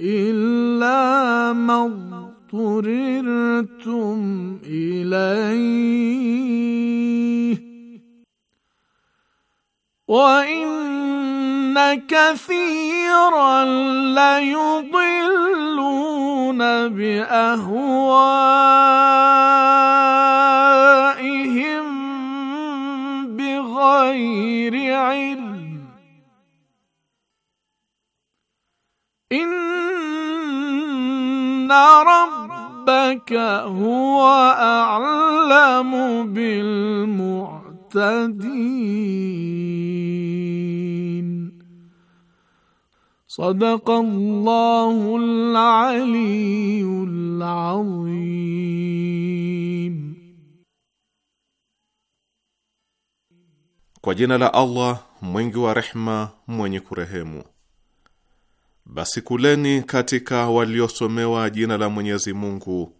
إلا ما اضطررتم إليه وإن كثيرا ليضلون بأهوائهم بغير علم إن رَبَّكَ هُوَ أَعْلَمُ بِالْمُعْتَدِينَ صدق الله العلي العظيم Kwa jina la Allah mwingi wa rehma mwenye kurehemu Basi kuleni katika waliosomewa jina la Mwenyezi Mungu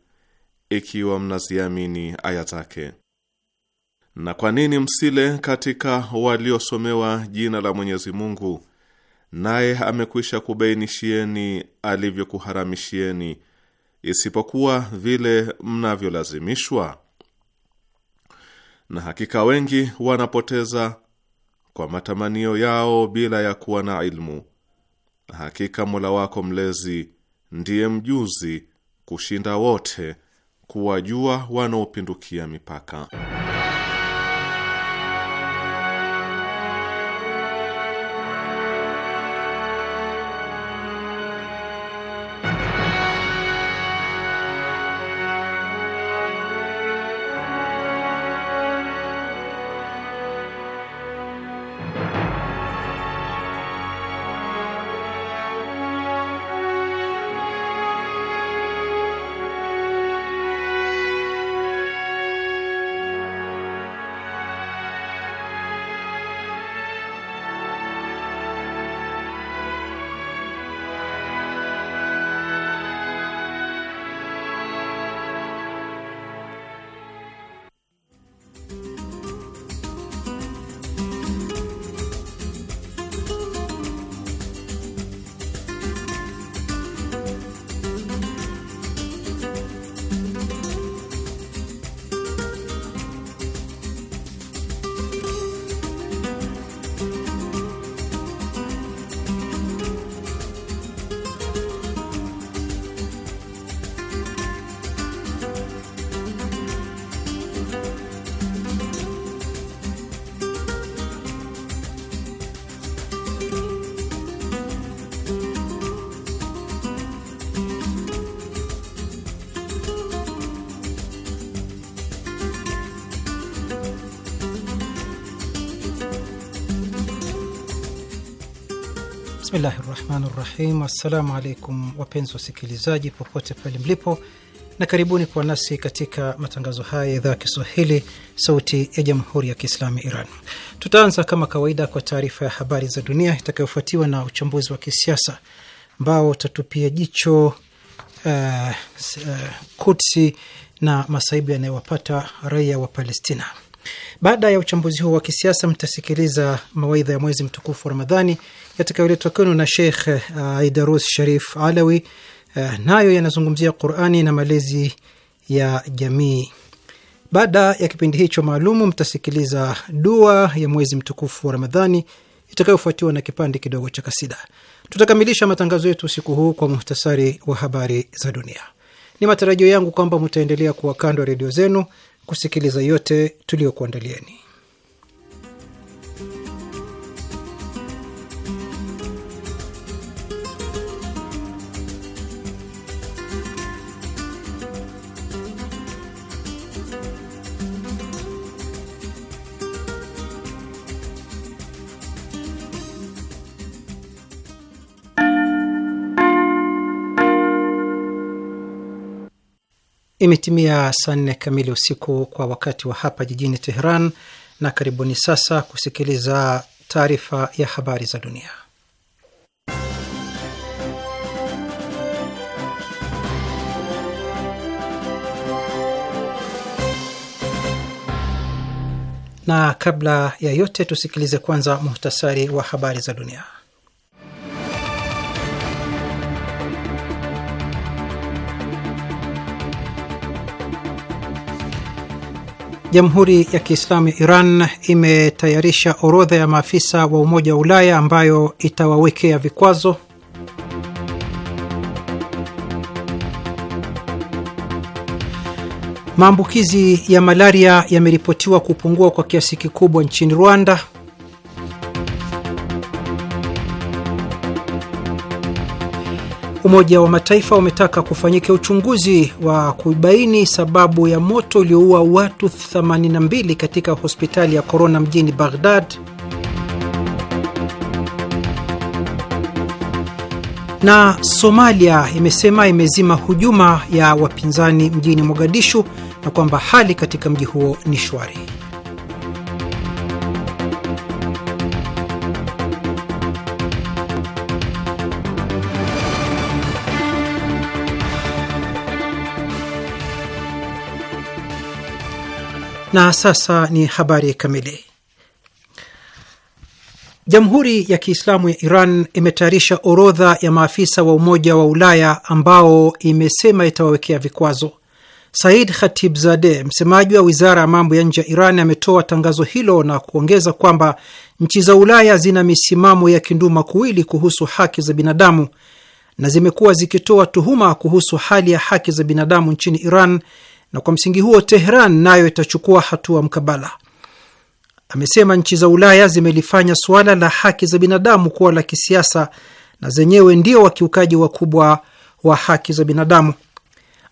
ikiwa mnaziamini aya zake. Na kwa nini msile katika waliosomewa jina la Mwenyezi Mungu, naye amekwisha kubainishieni alivyokuharamishieni, isipokuwa vile mnavyolazimishwa? Na hakika wengi wanapoteza kwa matamanio yao bila ya kuwa na ilmu. Hakika Mola wako mlezi ndiye mjuzi kushinda wote kuwajua wanaopindukia mipaka. Bismillahi rahmani rahim. Assalamu alaikum wapenzi wasikilizaji popote pale mlipo, na karibuni kwa nasi katika matangazo haya ya idhaa ya Kiswahili sauti ya jamhuri ya Kiislamu Iran. Tutaanza kama kawaida kwa taarifa ya habari za dunia itakayofuatiwa na uchambuzi wa kisiasa ambao utatupia jicho uh, eh, uh, eh, Kutsi na masaibu yanayowapata raia wa Palestina. Baada ya uchambuzi huo wa kisiasa, mtasikiliza mawaidha ya mwezi mtukufu wa Ramadhani yatakayoletwa kwenu na Sheikh uh, eh, Idarus Sharif Alawi uh, nayo yanazungumzia Qurani na malezi ya jamii. Baada ya kipindi hicho maalumu, mtasikiliza dua ya mwezi mtukufu wa Ramadhani itakayofuatiwa na kipande kidogo cha kasida. Tutakamilisha matangazo yetu usiku huu kwa muhtasari wa habari za dunia. Ni matarajio yangu kwamba mtaendelea kuwa kando ya redio zenu kusikiliza yote tuliyokuandalieni. Imetimia saa nne kamili usiku kwa wakati wa hapa jijini Teheran, na karibuni sasa kusikiliza taarifa ya habari za dunia. Na kabla ya yote tusikilize kwanza muhtasari wa habari za dunia. Jamhuri ya Kiislamu ya Iran imetayarisha orodha ya maafisa wa Umoja wa Ulaya ambayo itawawekea vikwazo. Maambukizi ya malaria yameripotiwa kupungua kwa kiasi kikubwa nchini Rwanda. Umoja wa Mataifa umetaka kufanyika uchunguzi wa kubaini sababu ya moto ulioua watu 82 katika hospitali ya korona mjini Baghdad. Na Somalia imesema imezima hujuma ya wapinzani mjini Mogadishu na kwamba hali katika mji huo ni shwari. Na sasa ni habari kamili. Jamhuri ya Kiislamu ya Iran imetayarisha orodha ya maafisa wa Umoja wa Ulaya ambao imesema itawawekea vikwazo. Said zade msemaji wa wizara ya mambo ya nje ya Iran, ametoa tangazo hilo na kuongeza kwamba nchi za Ulaya zina misimamo ya kinduma kuwili kuhusu haki za binadamu na zimekuwa zikitoa tuhuma kuhusu hali ya haki za binadamu nchini Iran na kwa msingi huo Tehran nayo itachukua hatua mkabala. Amesema nchi za Ulaya zimelifanya suala la haki za binadamu kuwa la kisiasa na zenyewe ndio wakiukaji wakubwa wa haki za binadamu.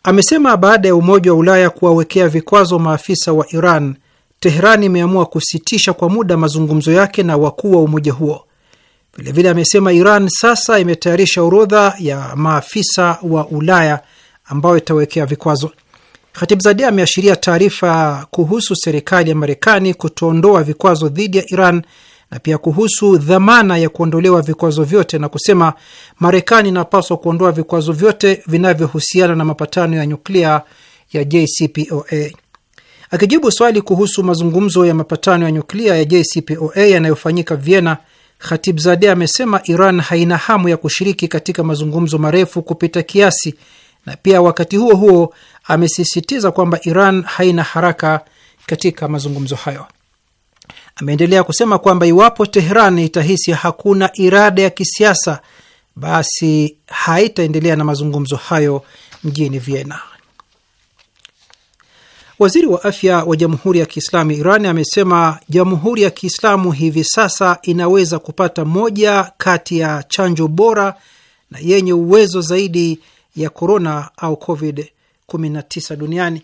Amesema baada ya Umoja wa Ulaya kuwawekea vikwazo maafisa wa Iran, Tehran imeamua kusitisha kwa muda mazungumzo yake na wakuu wa umoja huo. Vilevile amesema Iran sasa imetayarisha orodha ya maafisa wa Ulaya ambayo itawekea vikwazo. Khatibzadeh ameashiria taarifa kuhusu serikali ya Marekani kutoondoa vikwazo dhidi ya Iran na pia kuhusu dhamana ya kuondolewa vikwazo vyote na kusema Marekani inapaswa kuondoa vikwazo vyote vinavyohusiana na mapatano ya nyuklia ya JCPOA. Akijibu swali kuhusu mazungumzo ya mapatano ya nyuklia ya JCPOA yanayofanyika Vienna, Khatibzade amesema Iran haina hamu ya kushiriki katika mazungumzo marefu kupita kiasi na pia wakati huo huo amesisitiza kwamba Iran haina haraka katika mazungumzo hayo. Ameendelea kusema kwamba iwapo Tehran itahisi hakuna irada ya kisiasa, basi haitaendelea na mazungumzo hayo mjini Vienna. Waziri wa afya wa Jamhuri ya Kiislamu Iran amesema Jamhuri ya Kiislamu hivi sasa inaweza kupata moja kati ya chanjo bora na yenye uwezo zaidi ya korona au COVID-19 duniani.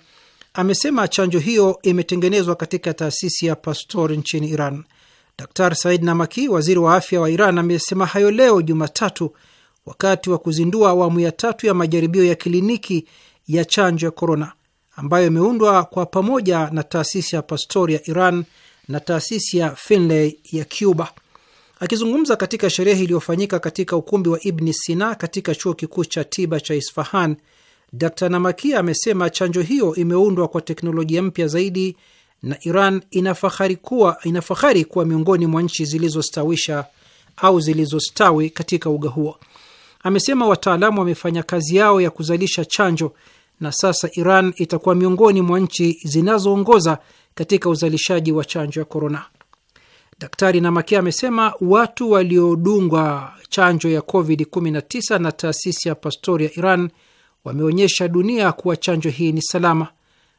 Amesema chanjo hiyo imetengenezwa katika taasisi ya Pasteur nchini Iran. Dr Said Namaki, waziri wa afya wa Iran, amesema hayo leo Jumatatu wakati wa kuzindua awamu ya tatu ya majaribio ya kliniki ya chanjo ya korona ambayo imeundwa kwa pamoja na taasisi ya Pasteur ya Iran na taasisi ya Finlay ya Cuba. Akizungumza katika sherehe iliyofanyika katika ukumbi wa Ibni Sina katika chuo kikuu cha tiba cha Isfahan, Dr Namakia amesema chanjo hiyo imeundwa kwa teknolojia mpya zaidi na Iran inafahari kuwa, inafahari kuwa miongoni mwa nchi zilizostawisha au zilizostawi katika uga huo. Amesema wataalamu wamefanya kazi yao ya kuzalisha chanjo na sasa Iran itakuwa miongoni mwa nchi zinazoongoza katika uzalishaji wa chanjo ya korona. Daktari Namake amesema watu waliodungwa chanjo ya COVID-19 na taasisi ya Pastori ya Iran wameonyesha dunia kuwa chanjo hii ni salama.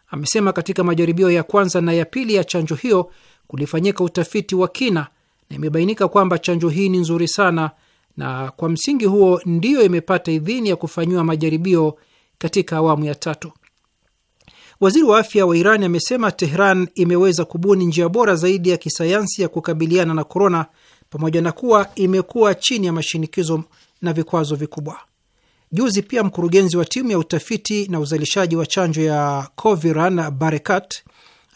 Amesema katika majaribio ya kwanza na ya pili ya chanjo hiyo kulifanyika utafiti wa kina na imebainika kwamba chanjo hii ni nzuri sana, na kwa msingi huo ndiyo imepata idhini ya kufanyiwa majaribio katika awamu ya tatu. Waziri wa afya wa Iran amesema Tehran imeweza kubuni njia bora zaidi ya kisayansi ya kukabiliana na korona, pamoja na kuwa imekuwa chini ya mashinikizo na vikwazo vikubwa. Juzi pia mkurugenzi wa timu ya utafiti na uzalishaji wa chanjo ya Coviran Barekat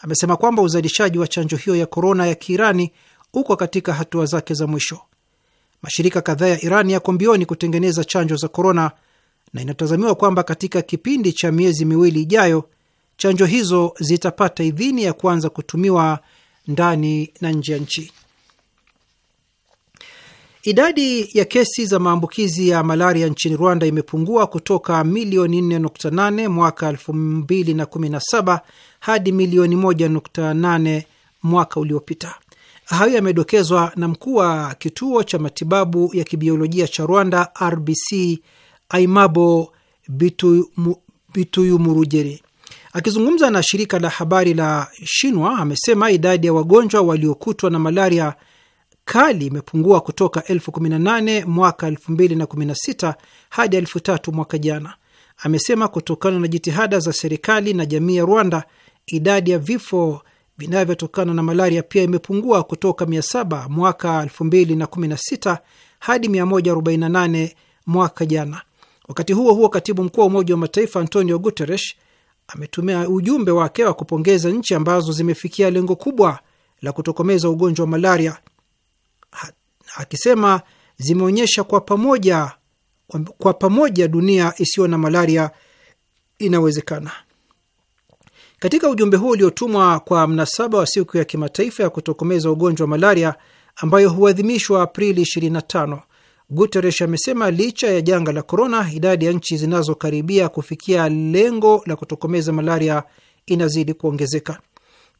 amesema kwamba uzalishaji wa chanjo hiyo ya korona ya Kiirani uko katika hatua zake za mwisho. Mashirika kadhaa ya Iran yako mbioni kutengeneza chanjo za korona na inatazamiwa kwamba katika kipindi cha miezi miwili ijayo chanjo hizo zitapata idhini ya kuanza kutumiwa ndani na nje ya nchi. Idadi ya kesi za maambukizi ya malaria nchini Rwanda imepungua kutoka milioni 4.8 mwaka 2017 hadi milioni 1.8 mwaka uliopita. Hayo yamedokezwa na mkuu wa kituo cha matibabu ya kibiolojia cha Rwanda, RBC, Aimabo Bitu Akizungumza na shirika la habari la Shinwa amesema idadi ya wagonjwa waliokutwa na malaria kali imepungua kutoka elfu kumi na nane mwaka elfu mbili na kumi na sita hadi elfu tatu mwaka jana. Amesema kutokana na jitihada za serikali na jamii ya Rwanda, idadi ya vifo vinavyotokana na malaria pia imepungua kutoka 700 mwaka 2016 hadi 148 mwaka jana. Wakati huo huo, katibu mkuu wa Umoja wa Mataifa Antonio Guterres ametumia ujumbe wake wa kupongeza nchi ambazo zimefikia lengo kubwa la kutokomeza ugonjwa wa malaria, akisema zimeonyesha kwa pamoja, kwa pamoja dunia isiyo na malaria inawezekana. Katika ujumbe huu uliotumwa kwa mnasaba wa siku ya kimataifa ya kutokomeza ugonjwa wa malaria ambayo huadhimishwa Aprili Guterres amesema licha ya janga la korona, idadi ya nchi zinazokaribia kufikia lengo la kutokomeza malaria inazidi kuongezeka.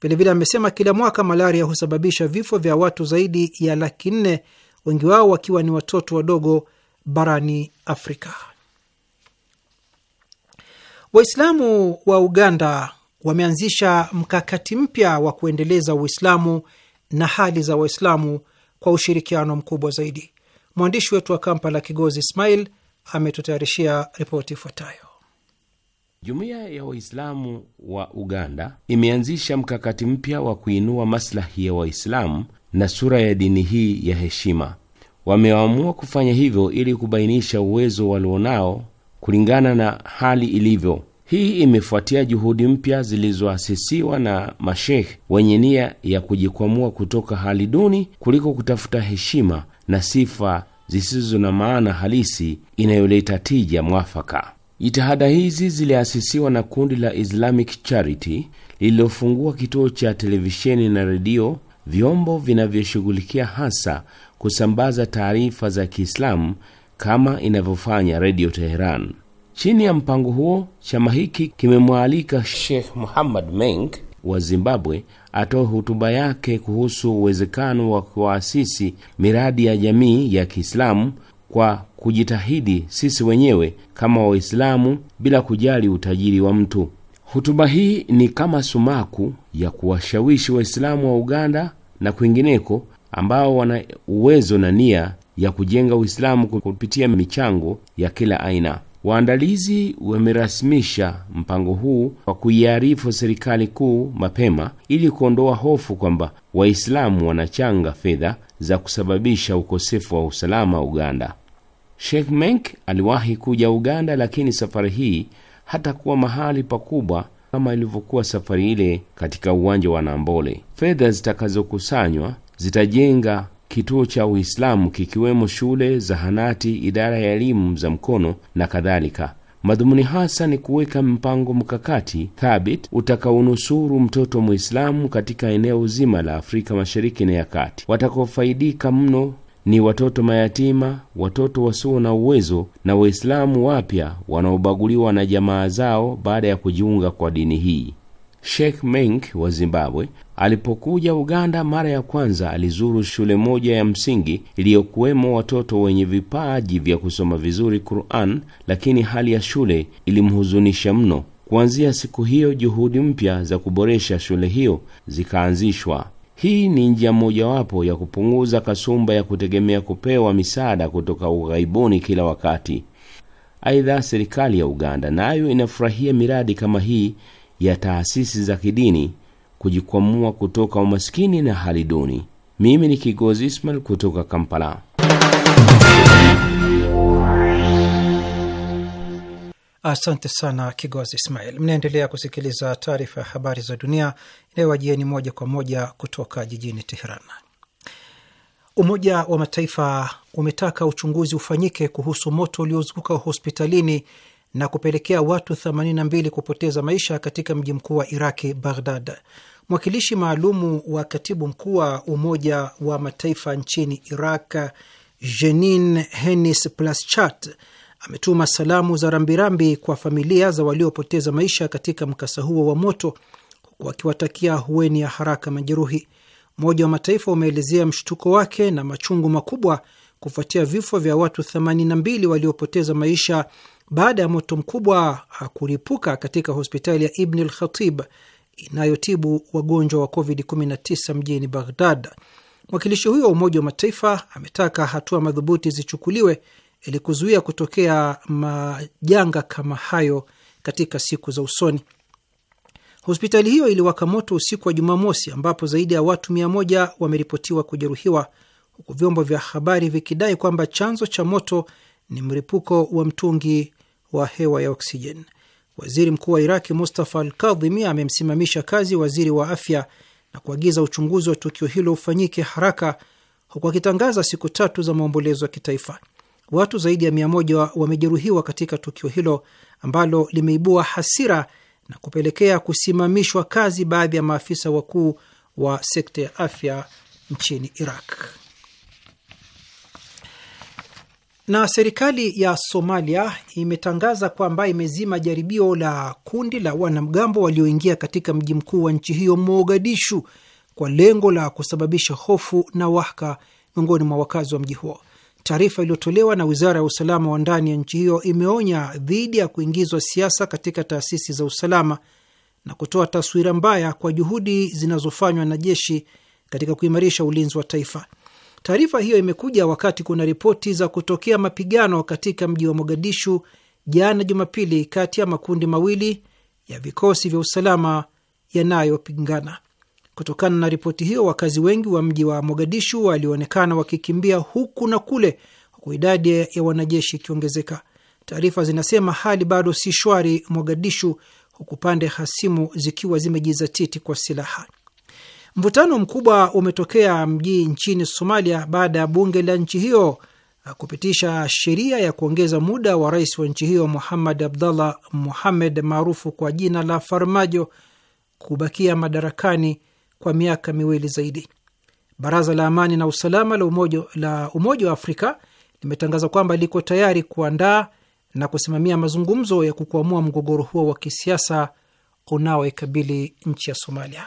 Vilevile amesema kila mwaka malaria husababisha vifo vya watu zaidi ya laki nne, wengi wao wakiwa ni watoto wadogo barani Afrika. Waislamu wa Uganda wameanzisha mkakati mpya wa kuendeleza Uislamu na hali za Waislamu kwa ushirikiano mkubwa zaidi. Mwandishi wetu wa Kampala, Kigozi Ismail, ametutayarishia ripoti ifuatayo. Jumuiya ya Waislamu wa Uganda imeanzisha mkakati mpya wa kuinua maslahi ya Waislamu na sura ya dini hii ya heshima. Wameamua kufanya hivyo ili kubainisha uwezo walionao kulingana na hali ilivyo hii imefuatia juhudi mpya zilizoasisiwa na masheikh wenye nia ya kujikwamua kutoka hali duni kuliko kutafuta heshima na sifa zisizo na maana halisi inayoleta tija mwafaka. Jitihada hizi ziliasisiwa na kundi la Islamic Charity lililofungua kituo cha televisheni na redio, vyombo vinavyoshughulikia hasa kusambaza taarifa za Kiislamu kama inavyofanya Redio Teheran. Chini ya mpango huo, chama hiki kimemwalika Sheikh Muhammad Menk wa Zimbabwe atoe hotuba yake kuhusu uwezekano wa kuasisi miradi ya jamii ya Kiislamu kwa kujitahidi sisi wenyewe kama Waislamu bila kujali utajiri wa mtu. Hotuba hii ni kama sumaku ya kuwashawishi Waislamu wa Uganda na kwingineko ambao wana uwezo na nia ya kujenga Uislamu kupitia michango ya kila aina. Waandalizi wamerasimisha mpango huu kwa kuiarifu serikali kuu mapema ili kuondoa hofu kwamba Waislamu wanachanga fedha za kusababisha ukosefu wa usalama Uganda. Sheikh Menk aliwahi kuja Uganda, lakini safari hii hatakuwa mahali pakubwa kama ilivyokuwa safari ile katika uwanja wa Nambole. Fedha zitakazokusanywa zitajenga kituo cha Uislamu kikiwemo shule, zahanati, idara ya elimu za mkono na kadhalika. Madhumuni hasa ni kuweka mpango mkakati thabit utakaonusuru mtoto Muislamu katika eneo zima la Afrika Mashariki na ya Kati. Watakaofaidika mno ni watoto mayatima, watoto wasio na uwezo na Waislamu wapya wanaobaguliwa na jamaa zao baada ya kujiunga kwa dini hii. shekh Menk wa Zimbabwe Alipokuja Uganda mara ya kwanza, alizuru shule moja ya msingi iliyokuwemo watoto wenye vipaji vya kusoma vizuri Qur'an, lakini hali ya shule ilimhuzunisha mno. Kuanzia siku hiyo, juhudi mpya za kuboresha shule hiyo zikaanzishwa. Hii ni njia mojawapo ya kupunguza kasumba ya kutegemea kupewa misaada kutoka ughaibuni kila wakati. Aidha, serikali ya Uganda nayo na inafurahia miradi kama hii ya taasisi za kidini kujikwamua kutoka umaskini na hali duni. Mimi ni Kigozi Ismail kutoka Kampala. Asante sana Kigozi Ismail. Mnaendelea kusikiliza taarifa ya habari za dunia inayowajieni moja kwa moja kutoka jijini Teheran. Umoja wa Mataifa umetaka uchunguzi ufanyike kuhusu moto uliozuka hospitalini na kupelekea watu 82 kupoteza maisha katika mji mkuu wa Iraki, Baghdad. Mwakilishi maalumu wa katibu mkuu wa Umoja wa Mataifa nchini Iraq, Jenin Henis Plaschat, ametuma salamu za rambirambi kwa familia za waliopoteza maisha katika mkasa huo wa moto, huku akiwatakia hueni ya haraka majeruhi. Umoja wa Mataifa umeelezea mshtuko wake na machungu makubwa kufuatia vifo vya watu 82 waliopoteza maisha baada ya moto mkubwa ah, kulipuka katika hospitali ya Ibn al-Khatib inayotibu wagonjwa wa COVID-19 mjini Baghdad. Mwakilishi huyo wa Umoja wa Mataifa ametaka hatua madhubuti zichukuliwe ili kuzuia kutokea majanga kama hayo katika siku za usoni. Hospitali hiyo iliwaka moto usiku wa Jumamosi, ambapo zaidi ya watu mia moja wameripotiwa kujeruhiwa, huku vyombo vya habari vikidai kwamba chanzo cha moto ni mlipuko wa mtungi wa hewa ya oksijen Waziri mkuu wa Iraki Mustafa Al Kadhimi amemsimamisha kazi waziri wa afya na kuagiza uchunguzi wa tukio hilo ufanyike haraka, huku akitangaza siku tatu za maombolezo ya kitaifa. Watu zaidi ya mia moja wamejeruhiwa katika tukio hilo ambalo limeibua hasira na kupelekea kusimamishwa kazi baadhi ya maafisa wakuu wa sekta ya afya nchini Iraq. Na serikali ya Somalia imetangaza kwamba imezima jaribio la kundi la wanamgambo walioingia katika mji mkuu wa nchi hiyo Mogadishu, kwa lengo la kusababisha hofu na wahaka miongoni mwa wakazi wa mji huo. Taarifa iliyotolewa na wizara ya usalama wa ndani ya nchi hiyo imeonya dhidi ya kuingizwa siasa katika taasisi za usalama na kutoa taswira mbaya kwa juhudi zinazofanywa na jeshi katika kuimarisha ulinzi wa taifa. Taarifa hiyo imekuja wakati kuna ripoti za kutokea mapigano katika mji wa Mogadishu jana Jumapili, kati ya makundi mawili ya vikosi vya usalama yanayopingana. Kutokana na ripoti hiyo, wakazi wengi wa mji wa Mogadishu walionekana wakikimbia huku na kule, huku idadi ya wanajeshi ikiongezeka. Taarifa zinasema hali bado si shwari Mogadishu, huku pande hasimu zikiwa zimejizatiti kwa silaha. Mvutano mkubwa umetokea mji nchini Somalia baada ya bunge la nchi hiyo uh, kupitisha sheria ya kuongeza muda wa rais wa nchi hiyo muhamad Abdallah muhamed maarufu kwa jina la Farmajo kubakia madarakani kwa miaka miwili zaidi. Baraza la Amani na Usalama la Umoja, la Umoja wa Afrika limetangaza kwamba liko tayari kuandaa na kusimamia mazungumzo ya kukwamua mgogoro huo wa kisiasa unaoikabili nchi ya Somalia.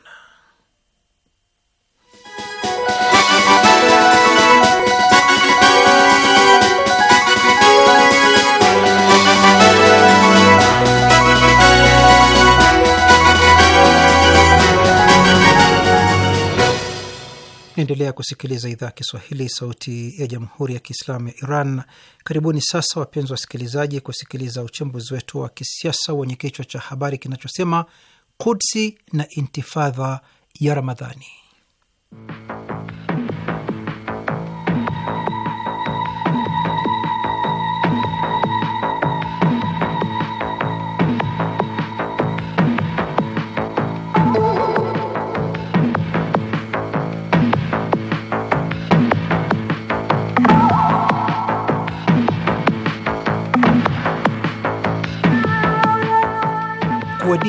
Naendelea kusikiliza idhaa ya Kiswahili, sauti ya jamhuri ya kiislamu ya Iran. Karibuni sasa, wapenzi wasikilizaji, kusikiliza uchambuzi wetu wa kisiasa wenye kichwa cha habari kinachosema Kudsi na intifadha ya Ramadhani.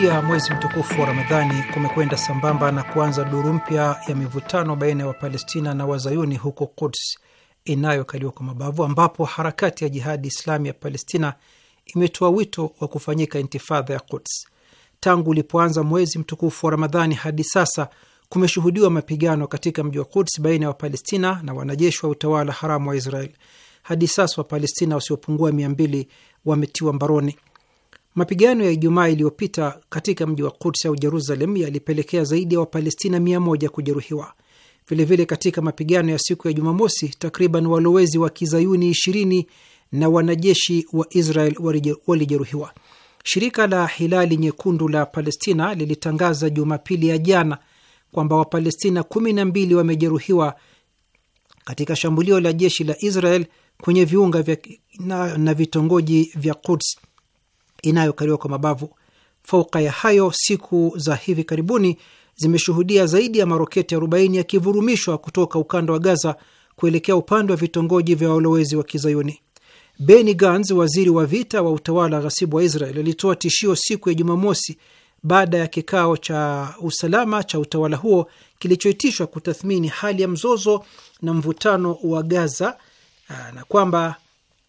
kuingia mwezi mtukufu wa Ramadhani kumekwenda sambamba na kuanza duru mpya ya mivutano baina ya Wapalestina na Wazayuni huko Kuds inayokaliwa kwa mabavu, ambapo harakati ya Jihadi Islami ya Palestina imetoa wito wa kufanyika intifadha ya Kuds. Tangu ulipoanza mwezi mtukufu wa Ramadhani hadi sasa kumeshuhudiwa mapigano katika mji wa Kuds baina ya Wapalestina na wanajeshi wa utawala haramu wa Israel. Hadi sasa Wapalestina wasiopungua mia mbili wametiwa mbaroni. Mapigano ya Ijumaa iliyopita katika mji wa Quds au Jerusalem yalipelekea zaidi ya Wapalestina mia moja kujeruhiwa. Vilevile, katika mapigano ya siku ya Jumamosi, takriban walowezi wa kizayuni ishirini na wanajeshi wa Israel walijeruhiwa. Shirika la Hilali Nyekundu la Palestina lilitangaza Jumapili ya jana kwamba Wapalestina kumi na mbili wamejeruhiwa katika shambulio la jeshi la Israel kwenye viunga vya na, na vitongoji vya Quds inayokaliwa kwa mabavu. Fauka ya hayo, siku za hivi karibuni zimeshuhudia zaidi ya maroketi 40 yakivurumishwa kutoka ukanda wa Gaza kuelekea upande wa vitongoji vya walowezi wa Kizayuni. Beni Gans, waziri wa vita wa utawala ghasibu wa Israel, alitoa tishio siku ya Jumamosi baada ya kikao cha usalama cha utawala huo kilichoitishwa kutathmini hali ya mzozo na mvutano wa Gaza na kwamba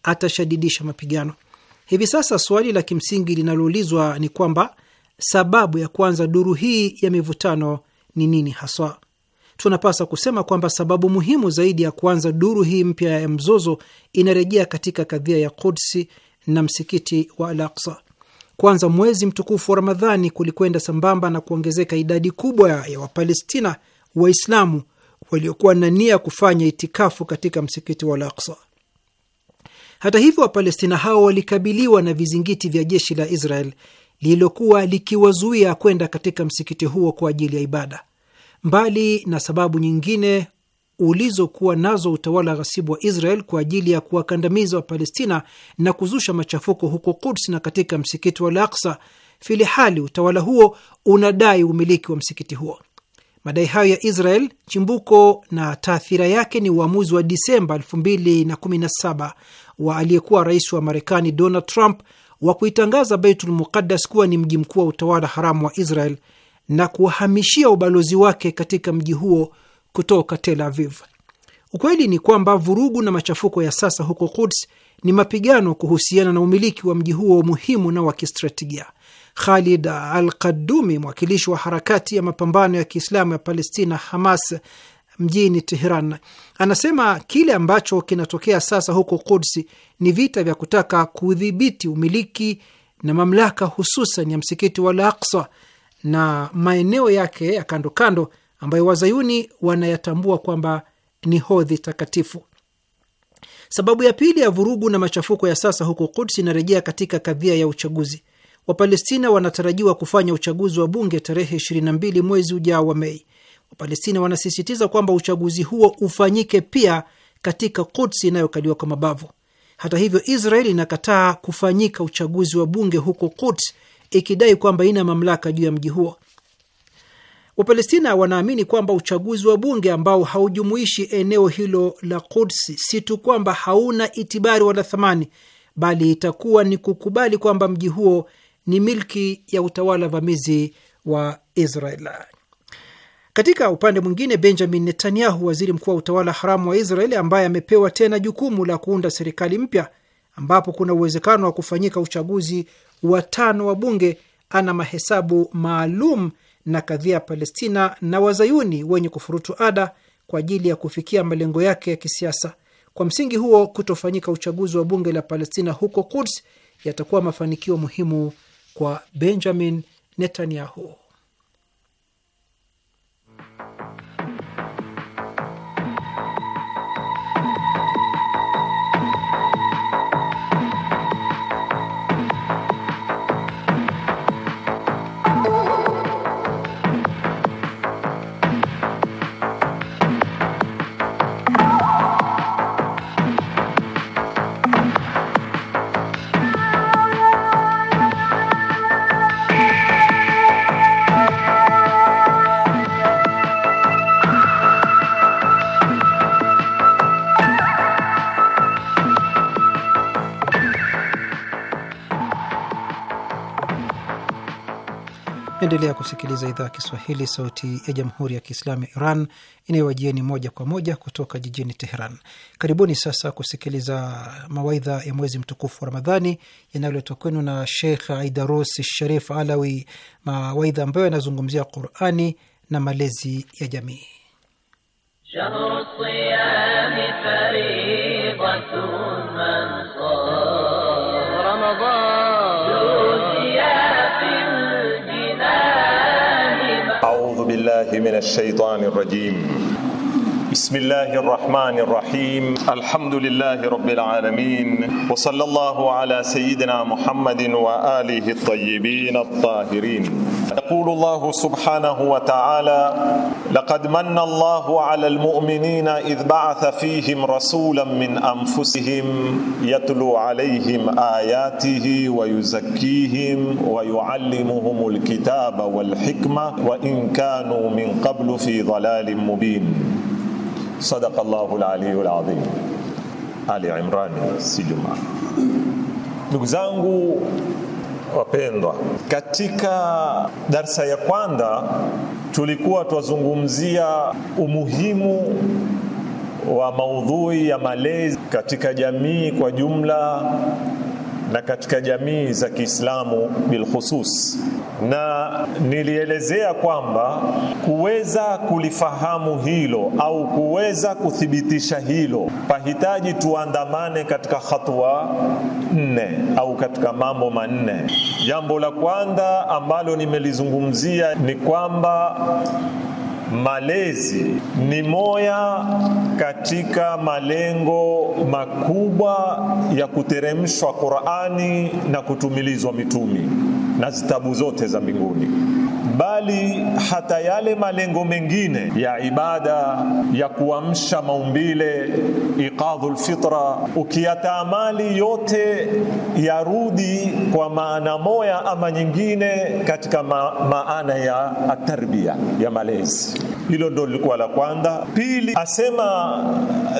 atashadidisha mapigano. Hivi sasa swali la kimsingi linaloulizwa ni kwamba sababu ya kuanza duru hii ya mivutano ni nini haswa? Tunapasa kusema kwamba sababu muhimu zaidi ya kuanza duru hii mpya ya mzozo inarejea katika kadhia ya Kudsi na msikiti wa Al Aksa. Kwanza, mwezi mtukufu wa Ramadhani kulikwenda sambamba na kuongezeka idadi kubwa ya Wapalestina Waislamu waliokuwa na nia kufanya itikafu katika msikiti wa Al Aksa. Hata hivyo, Wapalestina hao walikabiliwa na vizingiti vya jeshi la Israel lililokuwa likiwazuia kwenda katika msikiti huo kwa ajili ya ibada. Mbali na sababu nyingine ulizokuwa nazo utawala ghasibu wa Israel kwa ajili ya kuwakandamiza Wapalestina na kuzusha machafuko huko Kuds na katika msikiti wa Al-Aqsa, filihali utawala huo unadai umiliki wa msikiti huo. Madai hayo ya Israel, chimbuko na taathira yake ni uamuzi wa Disemba 2017 wa aliyekuwa rais wa Marekani Donald Trump wa kuitangaza Baitul Muqaddas kuwa ni mji mkuu wa utawala haramu wa Israel na kuhamishia ubalozi wake katika mji huo kutoka Tel Aviv. Ukweli ni kwamba vurugu na machafuko ya sasa huko Quds ni mapigano kuhusiana na umiliki wa mji huo muhimu na wa kistratejia. Khalid Al Qadumi, mwakilishi wa harakati ya mapambano ya Kiislamu ya Palestina, Hamas, mjini Teheran. Anasema kile ambacho kinatokea sasa huko Kudsi ni vita vya kutaka kudhibiti umiliki na mamlaka, hususan ya msikiti wa Al-Aqsa na maeneo yake ya kando kando ambayo wazayuni wanayatambua kwamba ni hodhi takatifu. Sababu ya pili ya vurugu na machafuko ya sasa huko Kudsi inarejea katika kadhia ya uchaguzi. Wapalestina wanatarajiwa kufanya uchaguzi wa bunge tarehe 22 mwezi ujao wa Mei. Wapalestina wanasisitiza kwamba uchaguzi huo ufanyike pia katika Kudsi inayokaliwa kwa mabavu. Hata hivyo, Israeli inakataa kufanyika uchaguzi wa bunge huko Kuds ikidai kwamba ina mamlaka juu ya mji huo. Wapalestina wanaamini kwamba uchaguzi wa bunge ambao haujumuishi eneo hilo la Kuds si tu kwamba hauna itibari wala thamani, bali itakuwa ni kukubali kwamba mji huo ni milki ya utawala vamizi wa Israel. Katika upande mwingine, Benjamin Netanyahu, waziri mkuu wa utawala haramu wa Israeli, ambaye amepewa tena jukumu la kuunda serikali mpya, ambapo kuna uwezekano wa kufanyika uchaguzi wa tano wa bunge, ana mahesabu maalum na kadhia ya Palestina na wazayuni wenye kufurutu ada kwa ajili ya kufikia malengo yake ya kisiasa. Kwa msingi huo, kutofanyika uchaguzi wa bunge la Palestina huko Kuds yatakuwa mafanikio muhimu kwa Benjamin Netanyahu. Endelea kusikiliza idhaa ya Kiswahili, sauti ya jamhuri ya kiislamu ya Iran inayowajieni moja kwa moja kutoka jijini Teheran. Karibuni sasa kusikiliza mawaidha ya mwezi mtukufu wa Ramadhani yanayoletwa kwenu na Sheikh Aidarus Sharif Alawi, mawaidha ambayo yanazungumzia Qurani na malezi ya jamii. من الشيطان الرجيم بسم الله الرحمن الرحيم الحمد لله رب العالمين وصلى الله على سيدنا محمد واله الطيبين الطاهرين يقول الله سبحانه وتعالى لقد من الله على المؤمنين اذ بعث فيهم رسولا من انفسهم يتلو عليهم اياته ويزكيهم ويعلمهم الكتاب والحكمه وان كانوا من قبل في ضلال مبين صدق الله العلي Ali Imran si Juma. Ndugu zangu wapendwa, katika darsa ya kwanza tulikuwa twazungumzia umuhimu wa maudhui ya malezi katika jamii kwa jumla na katika jamii za Kiislamu bilkhusus, na nilielezea kwamba kuweza kulifahamu hilo au kuweza kuthibitisha hilo pahitaji tuandamane katika hatua nne au katika mambo manne. Jambo la kwanza ambalo nimelizungumzia ni kwamba malezi ni moya katika malengo makubwa ya kuteremshwa Qur'ani na kutumilizwa mitumi na zitabu zote za mbinguni bali hata yale malengo mengine ya ibada ya kuamsha maumbile, iqadhul fitra, ukiyatamali yote yarudi kwa maana moya ama nyingine katika ma maana ya tarbia ya malezi. Hilo ndo lilikuwa la kwanza. Pili, asema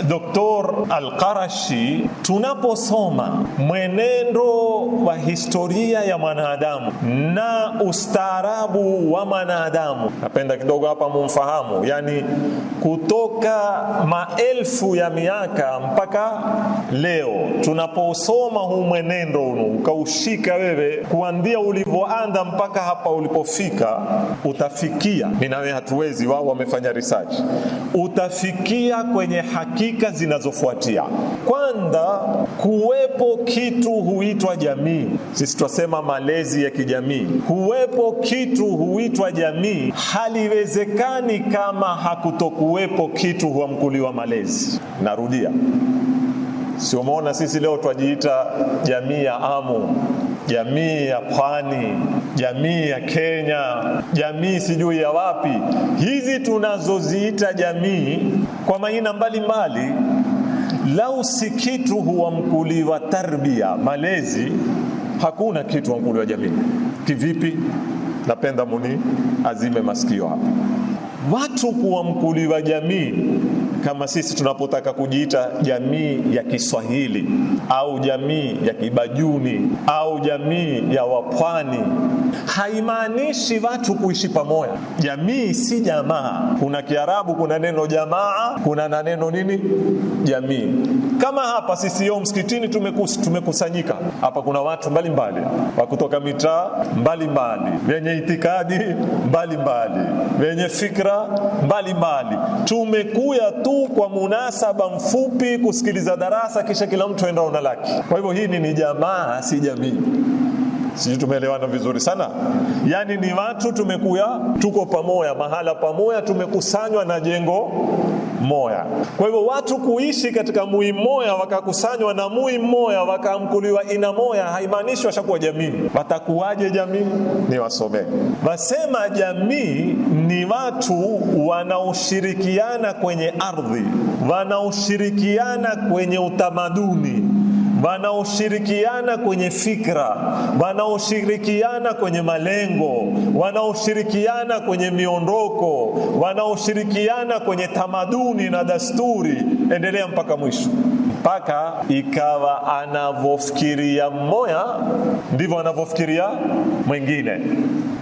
Doktor Al-Qarashi, tunaposoma mwenendo wa historia ya mwanadamu na ustaarabu wa manadamu. Napenda kidogo hapa mumfahamu, yani kutoka maelfu ya miaka mpaka leo tunaposoma huu mwenendo huu ukaushika wewe kuanzia ulivyoanza mpaka hapa ulipofika utafikia ninawe hatuwezi wao wamefanya research utafikia kwenye hakika zinazofuatia kwanza kuwepo kitu huitwa jamii sisi twasema malezi ya kijamii kuwepo kitu huitwa jamii haliwezekani kama hakutokuwa kuwepo kitu huamkuliwa malezi. Narudia, umeona sisi leo twajiita jamii ya Amu, jamii ya Pwani, jamii ya Kenya, jamii sijui ya wapi. Hizi tunazoziita jamii kwa majina mbalimbali, lau si kitu huamkuliwa tarbia, malezi, hakuna kitu huamkuliwa jamii. Kivipi? Napenda muni azime masikio hapa watu kuamkuliwa jamii kama sisi tunapotaka kujiita jamii ya Kiswahili au jamii ya Kibajuni au jamii ya Wapwani, haimaanishi watu kuishi pamoja. Jamii si jamaa. Kuna Kiarabu kuna neno jamaa, kuna na neno nini jamii. Kama hapa sisi yo msikitini tumekus, tumekusanyika hapa, kuna watu mbalimbali wa kutoka mitaa mbalimbali, wenye itikadi mbalimbali, wenye fikra mbalimbali. tumekuya tu kwa munasaba mfupi kusikiliza darasa, kisha kila mtu aenda ona lake. Kwa hivyo hii ni jamaa, si jamii. Sisi tumeelewana vizuri sana. Yaani ni watu tumekuya, tuko pamoja mahala pamoja, tumekusanywa na jengo moya. Kwa hivyo watu kuishi katika mui moya, wakakusanywa na mui moya, wakaamkuliwa ina moya, haimaanishi washakuwa jamii. Watakuwaje jamii? Ni wasome wasema, jamii ni watu wanaoshirikiana kwenye ardhi, wanaoshirikiana kwenye utamaduni wanaoshirikiana kwenye fikra, wanaoshirikiana kwenye malengo, wanaoshirikiana kwenye miondoko, wanaoshirikiana kwenye tamaduni na dasturi. Endelea mpaka mwisho, mpaka ikawa anavyofikiria mmoja ndivyo anavyofikiria mwingine,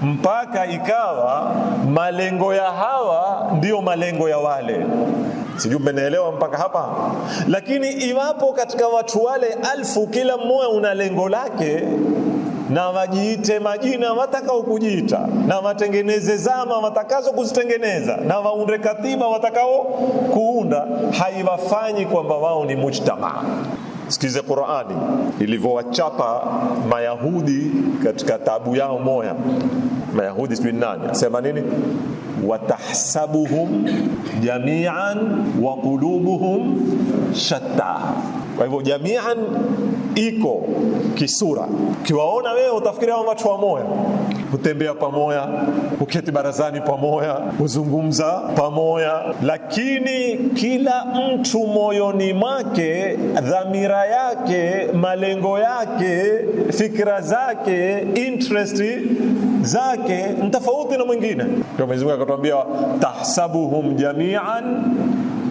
mpaka ikawa malengo ya hawa ndiyo malengo ya wale sijui mmenielewa mpaka hapa lakini iwapo katika watu wale alfu kila mmoja una lengo lake na wajiite majina watakao kujiita na watengeneze zama watakazo kuzitengeneza na waunde katiba watakao kuunda haiwafanyi kwamba wao ni mujtamaa sikize Qur'ani ilivyowachapa Mayahudi katika tabu yao moya. Mayahudi sijui nani asema nini, watahsabuhum jamian wa qulubuhum shatta. Kwa hivyo jamian iko kisura, ukiwaona wewe utafikiria wao watu wa moya kutembea pamoja, kuketi barazani pamoja, kuzungumza pamoja, lakini kila mtu moyoni mwake, dhamira yake, malengo yake, fikra zake, interest zake ni tofauti na mwingine. Ndio Mwenyezi Mungu akatuambia tahsabuhum jami'an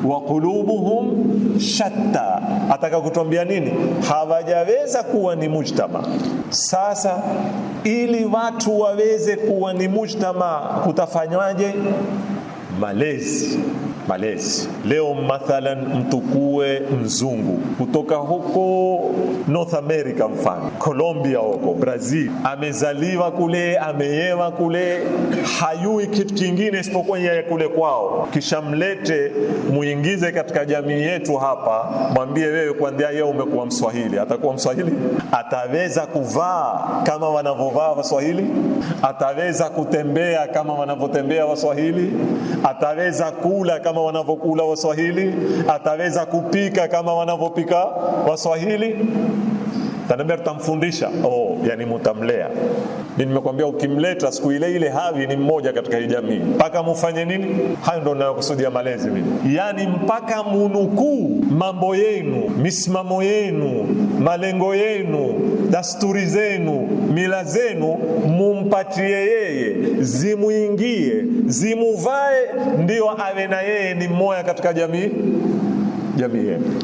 wa qulubuhum shatta, ataka kutuambia nini? Hawajaweza kuwa ni mujtama. Sasa ili watu waweze kuwa ni mujtama, kutafanywaje? Malezi malezi. Leo mathalan, mtukue mzungu kutoka huko North America, mfano Colombia, huko Brazil, amezaliwa kule, ameyewa kule, hayui kitu kingine isipokuwa yeye kule kwao, kisha mlete muingize katika jamii yetu hapa, mwambie wewe, kuanzia yeye umekuwa Mswahili, atakuwa Mswahili, ataweza kuvaa kama wanavyovaa Waswahili, ataweza kutembea kama wanavyotembea Waswahili, ataweza kula kama kama wanavyokula Waswahili, ataweza kupika kama wanavyopika Waswahili. Kaniambia tutamfundisha. Oh, yani mutamlea. Mimi nimekwambia ukimleta siku ile ile havi ni mmoja katika hii jamii. Mpaka mufanye nini? Hayo ndio ninayokusudia malezi mimi. Yani mpaka munukuu mambo yenu, misimamo yenu, malengo yenu, dasturi zenu, mila zenu mumpatie yeye, zimuingie, zimuvae ndio awe na yeye ni mmoja katika jamii jamii yenu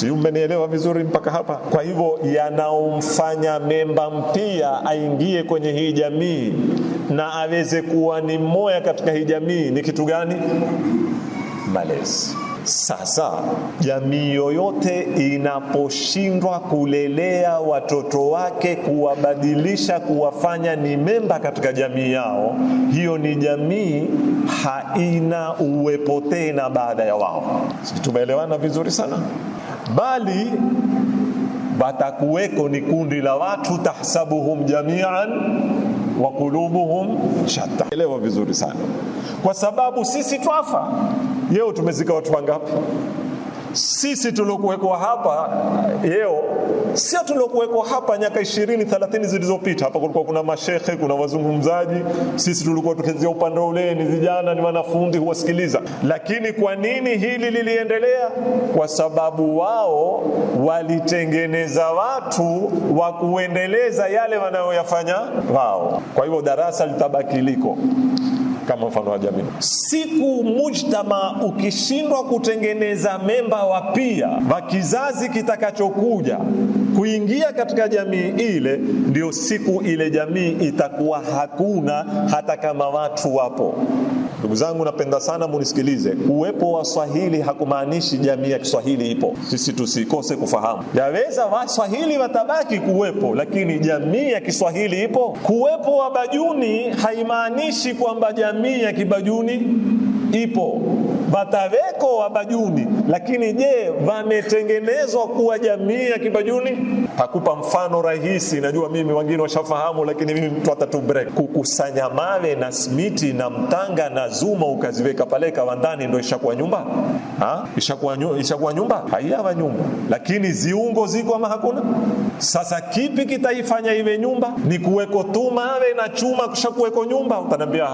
sijui mmenielewa vizuri mpaka hapa kwa hivyo yanaomfanya memba mpya aingie kwenye hii jamii na aweze kuwa ni mmoja katika hii jamii ni kitu gani malezi sasa jamii yoyote inaposhindwa kulelea watoto wake, kuwabadilisha, kuwafanya ni memba katika jamii yao, hiyo ni jamii haina uwepo tena baada ya wao. Tumeelewana vizuri sana bali batakuweko ni kundi la watu tahsabuhum jamian wa kulubuhum shatta. Elewa vizuri sana, kwa sababu sisi twafa. yeo, tumezika watu wangapi? sisi tuliokuwekwa hapa yeo sio tuliokuwekwa hapa nyaka 20 30 zilizopita. Hapa kulikuwa kuna mashehe, kuna wazungumzaji, sisi tulikuwa tukezea upande ule, ni vijana, ni wanafunzi, huwasikiliza. Lakini kwa nini hili liliendelea? Kwa sababu wao walitengeneza watu wa kuendeleza yale wanayoyafanya wao. Kwa hivyo darasa litabaki liko kama mfano wa jamii. Siku mujtama ukishindwa kutengeneza memba pia wa kizazi kitakachokuja kuingia katika jamii ile, ndio siku ile jamii itakuwa hakuna, hata kama watu wapo. Ndugu zangu, napenda sana munisikilize. Uwepo wa Swahili hakumaanishi jamii ya Kiswahili ipo. Sisi tusikose kufahamu, yaweza Waswahili watabaki kuwepo, lakini jamii ya Kiswahili ipo. Kuwepo wa Bajuni haimaanishi kwamba jamii jamii ya kibajuni ipo vataveko wabajuni, lakini je, vametengenezwa kuwa jamii ya kibajuni? Takupa mfano rahisi, najua mimi wengine washafahamu, lakini mimi mtu atatu break. Kukusanya mawe na smiti na mtanga na zuma ukaziweka pale kawandani, ndo ishakuwa nyumba ha? Ishakuwa, nyu, ishakuwa nyumba haiyawa nyumba, lakini ziungo ziko ama hakuna? Sasa kipi kitaifanya iwe nyumba? Ni kuweko tu mawe na chuma, kushakuweko nyumba? Utanambia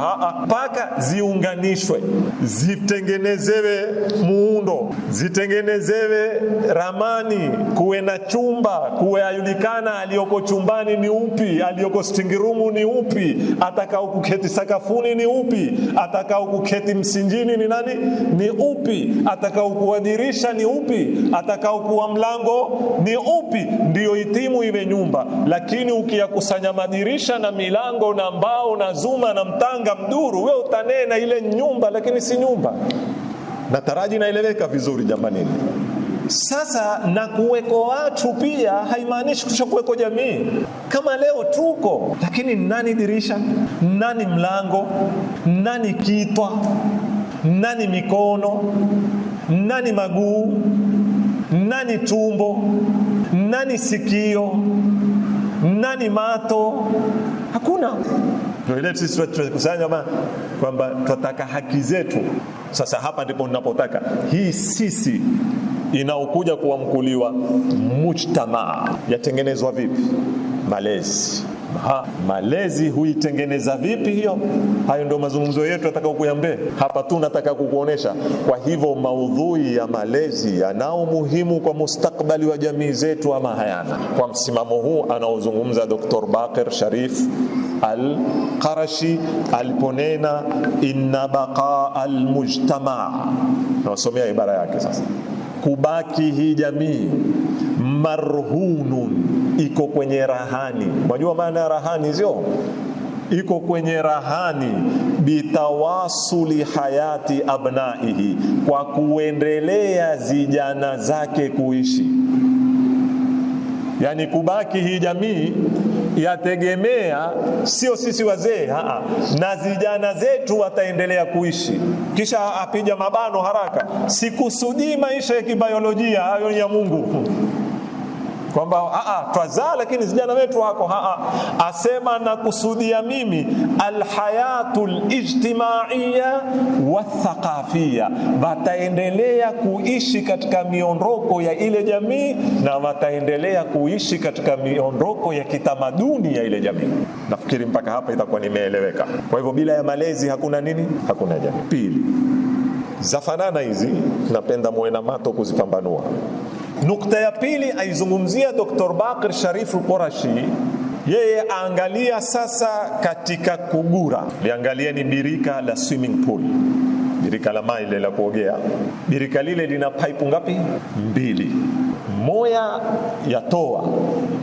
mpaka ziunganishwe zitengene zitengenezewe muundo, zitengenezewe ramani, kuwe na chumba, kuwe ayulikana aliyoko chumbani ni upi, aliyoko stingirumu ni upi, atakao kuketi sakafuni ni upi, atakao kuketi msinjini ni nani, ni upi, atakao kuwa dirisha ni upi, atakao kuwa mlango ni upi, ndiyo itimu iwe nyumba. Lakini ukiyakusanya madirisha na milango na mbao na zuma na mtanga mduru, wewe utanena ile nyumba, lakini si nyumba na taraji inaeleweka vizuri jamani sasa na kuweko watu pia haimaanishi kusha kuweko jamii kama leo tuko lakini nani dirisha nani mlango nani kitwa nani mikono nani maguu nani tumbo nani sikio nani mato hakuna ile sisi tunakusanya kwamba tunataka haki zetu. Sasa hapa ndipo tunapotaka hii sisi inaokuja kuamkuliwa mujtamaa yatengenezwa vipi? Malezi ha, malezi huitengeneza vipi hiyo? Hayo ndio mazungumzo yetu atakao kuyambe hapa tu. Nataka kukuonesha kwa hivyo, maudhui ya malezi yanao umuhimu kwa mustakbali wa jamii zetu ama hayana? Kwa msimamo huu anaozungumza Dr. Bakir Sharif Al-Qarashi aliponena inna baqa al-mujtama, nawasomea ibara yake sasa. Kubaki hii jamii marhunun, iko kwenye rahani. Unajua maana ya rahani sio? iko kwenye rahani bitawasuli hayati abnaihi, kwa kuendelea zijana zake kuishi, yani kubaki hii jamii yategemea sio sisi wazee, na vijana zetu wataendelea kuishi. Kisha apija mabano haraka, sikusudii maisha ya kibayolojia hayo ya Mungu kwamba ah, ah, twazaa lakini vijana wetu wako a. Ah, asema nakusudia mimi alhayatu lijtimaiya wathaqafia, wataendelea kuishi katika miondoko ya ile jamii na wataendelea kuishi katika miondoko ya kitamaduni ya ile jamii. Nafikiri mpaka hapa itakuwa nimeeleweka. Kwa hivyo bila ya malezi hakuna nini, hakuna jamii. Pili, zafanana hizi, napenda muwe na mato kuzipambanua. Nukta ya pili aizungumzia Dr. Bakr Sharif al-Qurashi, yeye aangalia sasa katika kugura. Liangalia ni birika la swimming pool, birika la maji la kuogea. Birika lile lina pipe ngapi? Mbili. Moya yatoa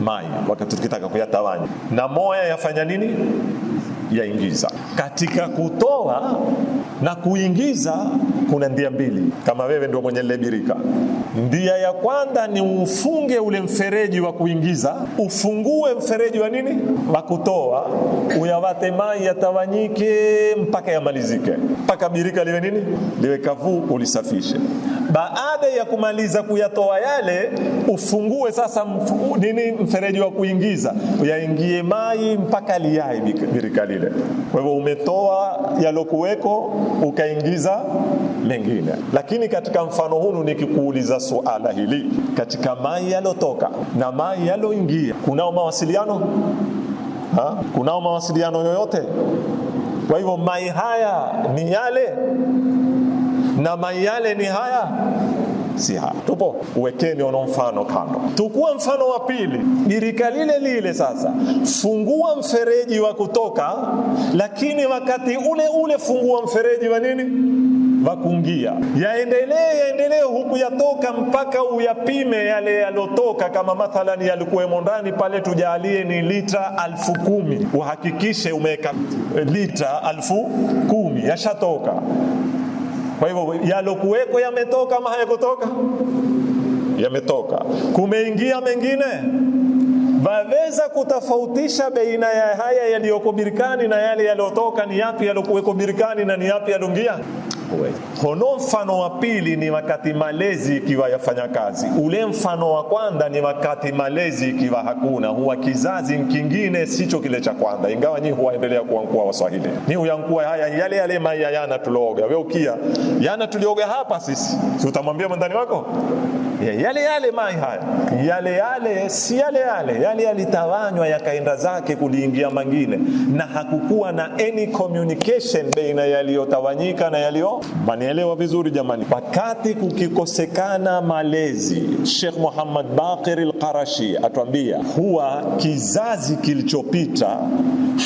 maji wakati tukitaka kuyatawanya, na moya yafanya nini? yaingiza. Katika kutoa na kuingiza kuna ndia mbili, kama wewe ndio mwenye lile birika. Ndia ya kwanza ni ufunge ule mfereji wa kuingiza, ufungue mfereji wa nini, wa kutoa, uyawate mai yatawanyike mpaka yamalizike, mpaka birika liwe nini, liwe kavu, ulisafishe baada ya kumaliza kuyatoa yale, ufungue sasa nini mfereji wa kuingiza, yaingie mai mpaka liyae birika lile. Kwa hivyo umetoa yalokuweko ukaingiza mengine. Lakini katika mfano huu nikikuuliza suala hili, katika mai yalotoka na mai yaloingia kunao mawasiliano ha? kunao mawasiliano yoyote? Kwa hivyo mai haya ni yale na mayale ni haya si haya. Tupo, uwekeni ono mfano kando. Tukua mfano wa pili, birika lile lile sasa, fungua mfereji wa kutoka, lakini wakati ule ule fungua mfereji wa nini wa kuingia. Yaendelee yaendelee huku yatoka mpaka uyapime yale yalotoka, kama mathalan yalikuwemo ndani pale, tujalie ni lita alfu kumi. Uhakikishe umeweka lita alfu kumi yashatoka kwa hivyo yalokuweko yametoka ama hayakutoka? Yametoka. Kumeingia mengine, waweza kutofautisha baina ya haya yaliyoko birikani na yale yaliyotoka? Ni yapi yaliokuweko birikani na ni yapi yalongia? huwezi. Hono mfano wa pili ni wakati malezi ikiwa yafanya kazi. Ule mfano wa kwanza ni wakati malezi ikiwa hakuna, huwa kizazi kingine sicho kile cha kwanza, ingawa nyinyi huwaendelea wa Waswahili ni huyankua haya yale yale maya yana tulioga wewe ukia yana tulioga hapa sisi, si utamwambia mwandani wako yale yale mai haya yale yale si yale yale yale yalitawanywa yakaenda zake kuliingia mangine, na hakukuwa na any communication baina yaliyotawanyika na yaliyo Manielewa vizuri jamani, wakati kukikosekana malezi, Sheikh Muhammad Baqir al-Qarashi atuambia huwa kizazi kilichopita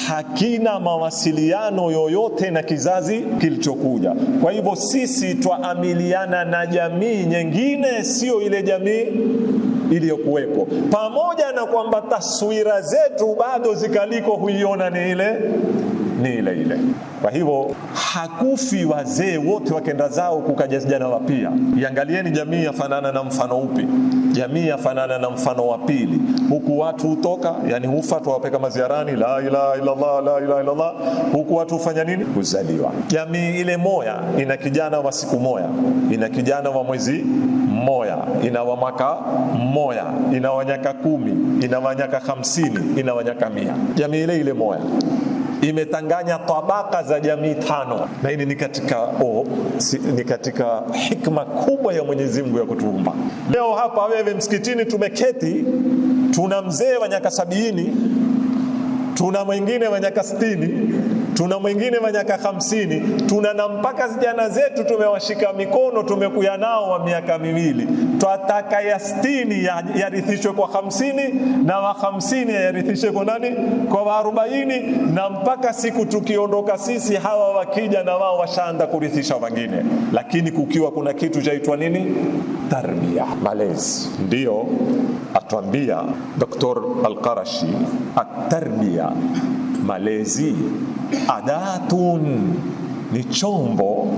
hakina mawasiliano yoyote na kizazi kilichokuja. Kwa hivyo sisi twaamiliana na jamii nyingine, sio ile jamii iliyokuwepo, pamoja na kwamba taswira zetu bado zikaliko huiona ni ile ni ile ile. Kwa hivyo hakufi wazee wote wakenda zao, kukaja vijana wapya. Iangalieni jamii yafanana na mfano upi? Jamii yafanana na mfano wa pili, huku watu hutoka, yani hufa, tuwapeka maziarani, la ilaha illallah, la ilaha illallah, huku watu hufanya nini? Kuzaliwa. Jamii ile moya ina kijana wa siku moya, ina kijana wa mwezi moya, ina wa mwaka moya, ina wanyaka kumi, ina wanyaka hamsini, ina wanyaka mia. Jamii ile ile moya imetanganya tabaka za jamii tano, na hili ni katika o, si, ni katika hikma kubwa ya Mwenyezi Mungu ya kutuumba. Leo hapa wewe msikitini tumeketi, tuna mzee wa miaka sabini, tuna mwingine wa miaka sitini tuna mwingine manyaka hamsini, tuna na mpaka zijana zetu tumewashika mikono, tumekuya nao wa miaka miwili. Twataka ya sitini yarithishwe ya kwa hamsini na wa hamsini yarithishwe kwa nani? Kwa wa arobaini, na mpaka siku tukiondoka sisi, hawa wakija na wao washaanza kurithisha wengine, lakini kukiwa kuna kitu chaitwa nini? Tarbia, malezi. Ndiyo atwambia Dr. Alqarashi atarbia Malezi adatun, ni chombo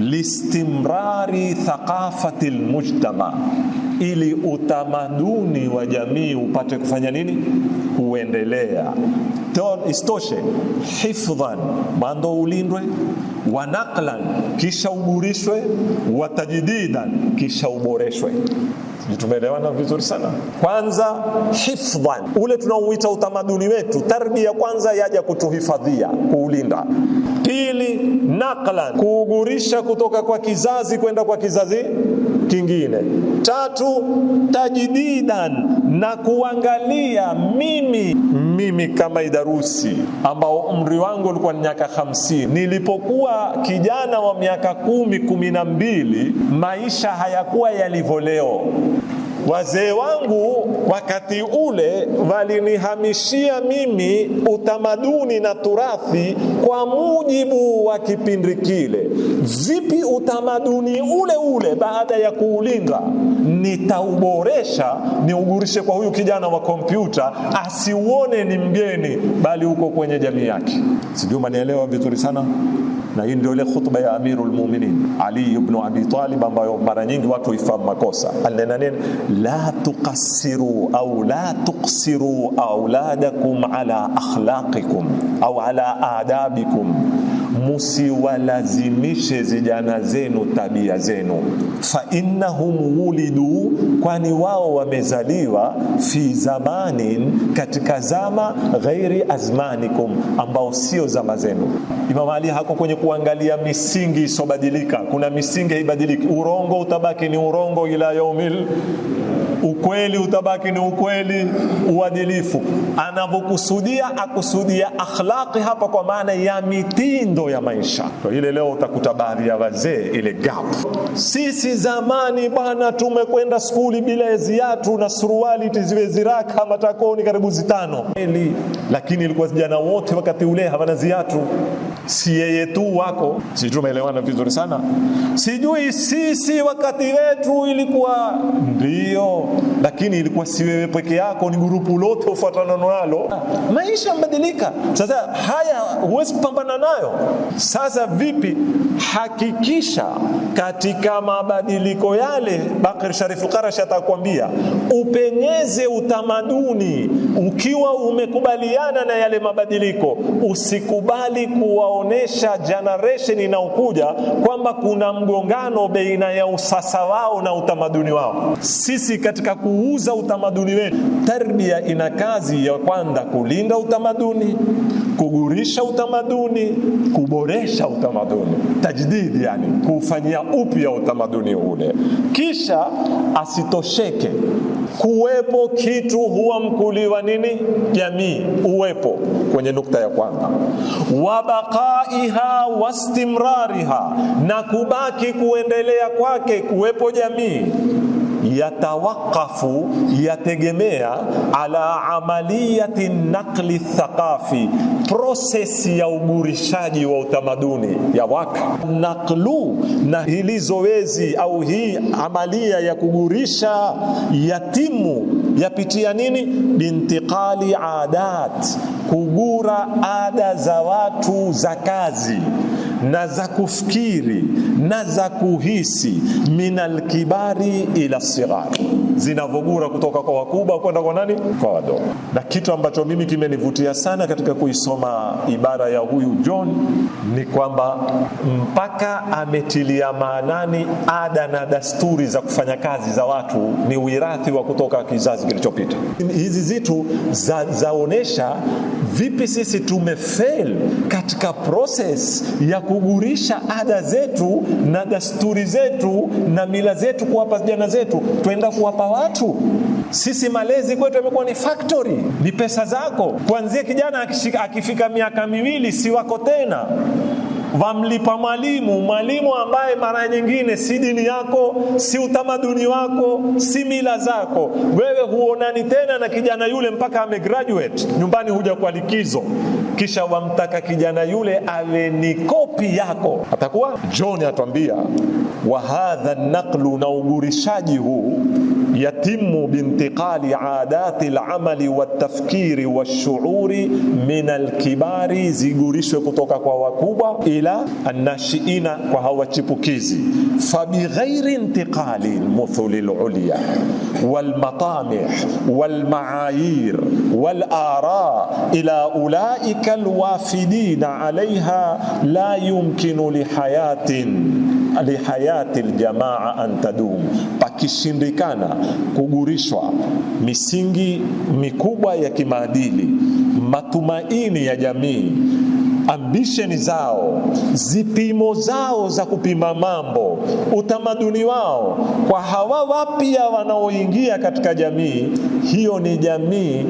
listimrari thaqafati lmujtama, ili utamaduni wa jamii upate kufanya nini? Kuendelea. Isitoshe, hifdhan, mando ulindwe, wa naqlan, kisha uburishwe, wa tajdidan, kisha uboreshwe tumeelewana vizuri sana. Kwanza hifdhan, ule tunaouita utamaduni wetu, tarbia kwanza yaja kutuhifadhia, kuulinda. Pili naqlan, kuugurisha kutoka kwa kizazi kwenda kwa kizazi kingine. Tatu tajdidan, na kuangalia mimi mimi kama Idarusi ambao umri wangu ulikuwa ni miaka hamsini, nilipokuwa kijana wa miaka kumi kumi na mbili maisha hayakuwa yalivyo leo. Wazee wangu wakati ule walinihamishia mimi utamaduni na turathi kwa mujibu wa kipindi kile. Vipi utamaduni ule ule baada ya kuulinda nitauboresha, niugurishe kwa huyu kijana wa kompyuta, asiuone ni mgeni, bali uko kwenye jamii yake. Sijui manielewa vizuri sana na hii ndio ile khutba ya Amirul Mu'minin Ali ibn Abi Talib ambayo mara nyingi watu ifahamu makosa. Alinena nini? La tuqassiru au la tuqsiru auladakum ala akhlaqikum au ala adabikum musiwalazimishe zijana zenu tabia zenu. fa innahum wulidu, kwani wao wamezaliwa fi zamanin, katika zama ghairi azmanikum, ambao sio zama zenu. Imam Ali hako kwenye kuangalia misingi isobadilika. Kuna misingi haibadiliki, urongo utabaki ni urongo ila yaumil ukweli utabaki ni ukweli, uadilifu anavyokusudia, akusudia akhlaqi hapa kwa maana ya mitindo ya maisha. Kwa ile leo utakuta baadhi ya wazee ile gap. Sisi zamani bwana, tumekwenda skuli bila ziatu na suruali tiziwe ziraka matakoni karibu zitano, lakini ilikuwa vijana wote wakati ule hawana ziatu si yeye tu wako, si tumeelewana vizuri sana? Sijui sisi wakati wetu ilikuwa ndio lakini ilikuwa si wewe peke yako, ni grupu lote ufuatana nalo. Maisha yamebadilika sasa, haya huwezi kupambana nayo. Sasa vipi? Hakikisha katika mabadiliko yale, Bakir Sharif qarashi atakwambia upenyeze utamaduni ukiwa umekubaliana na yale mabadiliko. Usikubali kuwaonesha generation inaokuja kwamba kuna mgongano baina ya usasa wao na utamaduni wao. Sisi katika kuuza utamaduni wetu. Tarbia ina kazi ya kwanza kulinda utamaduni, kugurisha utamaduni, kuboresha utamaduni, tajdidi, yani kuufanyia upya utamaduni ule. Kisha asitosheke kuwepo kitu huwa mkuliwa nini jamii, uwepo kwenye nukta ya kwanza, wabaqaiha wastimrariha, na kubaki kuendelea kwake kuwepo jamii yatawaqafu yategemea ala amaliyati naqli thaqafi, prosesi ya ugurishaji wa utamaduni ya waka naqlu, na hili zoezi au hii amalia ya kugurisha yatimu yapitia nini? Bintiqali adat, kugura ada za watu za kazi na za kufikiri na za kuhisi, minal kibari ila sighari, zinavogura kutoka kwa wakubwa kwenda kwa nani, kwa wadogo. Na kitu ambacho mimi kimenivutia sana katika kuisoma ibara ya huyu John ni kwamba mpaka ametilia maanani ada na dasturi za kufanya kazi za watu, ni wirathi wa kutoka kizazi kilichopita. Hizi zitu za, zaonesha vipi sisi tumefail katika process ya ku kugurisha ada zetu na dasturi zetu na mila zetu kuwapa vijana zetu, twenda kuwapa watu sisi malezi kwetu yamekuwa ni factory, ni pesa zako. Kuanzia kijana akishika, akifika miaka miwili si wako tena, wamlipa mwalimu, mwalimu ambaye mara nyingine si dini yako, si utamaduni wako, si mila zako. Wewe huonani tena na kijana yule mpaka amegraduate, nyumbani huja kwa likizo kisha wamtaka kijana yule awe ni kopi yako, atakuwa John. Atwambia wa hadha naqlu, na ugurishaji huu yatimu bintiqali adati lamali waltafkiri washuuri min alkibari, zigurishwe kutoka kwa wakubwa ila anashiina, kwa hawachipukizi. Fabighairi intiqali lmuthuli lulya walmatamih walmaayir walala ila ulaik ulaika lwafidina alaiha la yumkinu lihayatin lihayati ljamaa an tadum, pakishindikana kugurishwa misingi mikubwa ya kimaadili, matumaini ya jamii ambisheni zao, zipimo zao za kupima mambo, utamaduni wao kwa hawa wapya wanaoingia katika jamii hiyo, ni jamii